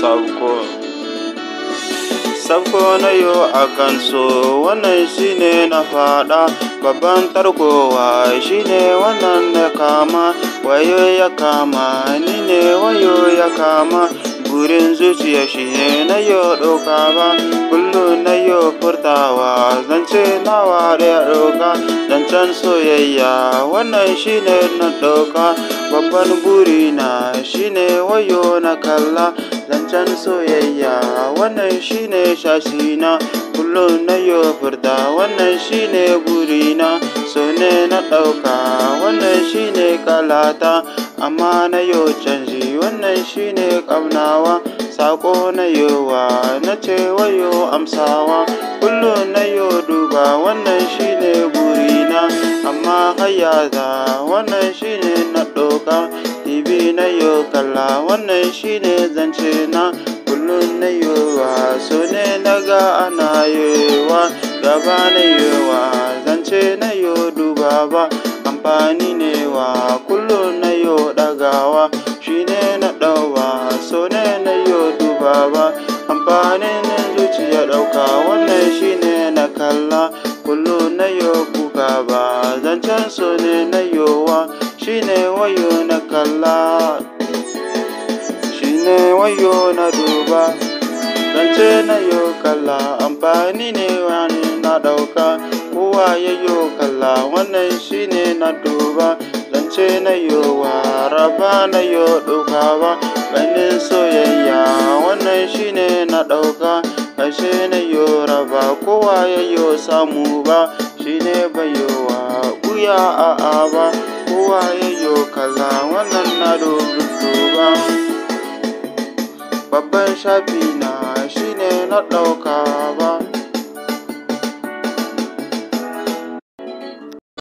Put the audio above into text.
sabko sabko na yo a kanso wannan shine na faɗa babban tarkowa shine wannan da kama wayo ya kama ni ne wayo ya kama burin zuciya shine na yo ɗauka ba kullu na yo furtawa zance nawa da ɗauka zancen soyayya wannan shine na ɗauka babban burina shine wayo na kalla zancen soyayya wannan shine shashina kullum na yo furta wannan shine burina so ne na ɗauka wannan shine kalata amma na yo canji wannan shine ƙaunawa sako na yowa na ce wayo amsawa kullum na yo duba wannan shine burina amma hayaza wannan shine na ɗauka tv na yo kalla wannan shi ne zance na kullum na yowa so ne na ga ana yowa gaba na yowa zance na yo duba ba amfani ne wa kullum na yo dagawa shine na dawa so ne na yo duba ba amfanin zuciya dauka wannan shine na kalla kullum na yo kuka ba zancen so ne na yowa shine wayo na kalla yo na duba zance na yo kalla amfani ne wani na dauka ya yo kalla wannan shine na duba zance na yo waraba na yo ba ganin soyayya wannan shine na dauka kashe na yo raba kowa ya yo samu ba shine bayowa wuya a'a ba shafi na shine na ɗauka ba.